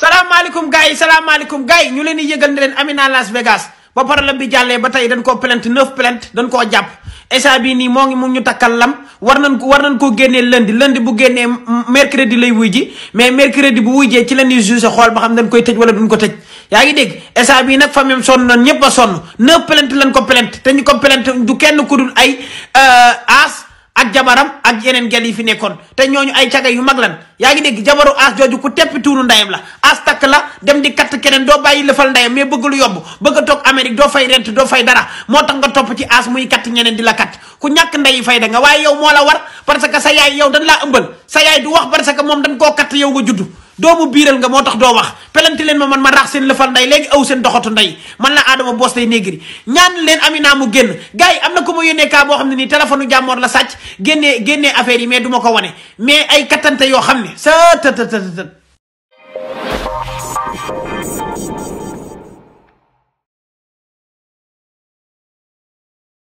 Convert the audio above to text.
salaamaaleykum gars yi salaamaaleykum gars yi ñu leen di yëgal ne leen Amina Las Vegas ba problème bi jàllee ba tey dañ koo plainte neuf plainte dañ koo jàpp esa bii nii moo ngi mu ñu takkal lam war nañ ko war nañ koo génnee lundi lundi bu génnee mercredi lay wuy ji mais mercredi bu wuy ci la ñuy jugé xool ba xam dañ koy tëj wala duñ ko tëj yaa ngi dégg esa bii nag famille am sonn noonu ñëpp a sonn neuf plainte lañ ko plainte te ñu ko plainte du kenn ku dul ay euh, a ah, ak jabaram ak yeneen gel yi fi nekkoon te ñooñu ay caga yu mag lan yaa ngi nekk jabaru as jooju ku teppi tuunu ndayam la as takk la dem di katt keneen doo bàyyi lëfal ndayam mais bëgg lu yomb bëgg a toog Amérique doo fay rent doo fay dara moo tax nga topp ci as muy katt ñeneen di la katt ku ñàkk ndeyi fay da nga waaye yow moo la war parce que sa yaay yow dañ laa ëmbal sa yaay du wax parce que moom dañ koo katt yow nga juddu doomu biiral nga moo tax doo wax pelanti leen man ma rax seen lëfal nday léegi aw seen doxatu nday man la Adama Boss Tay Negri ñaan leen Amina mu génn gars yi am na ko ma yónnee kaa boo xam ne nii téléphone jàmmoor la sàcc génnee génne affaire yi mais du ko wane mais ay kattante yoo xam ne sa tëtëtëtët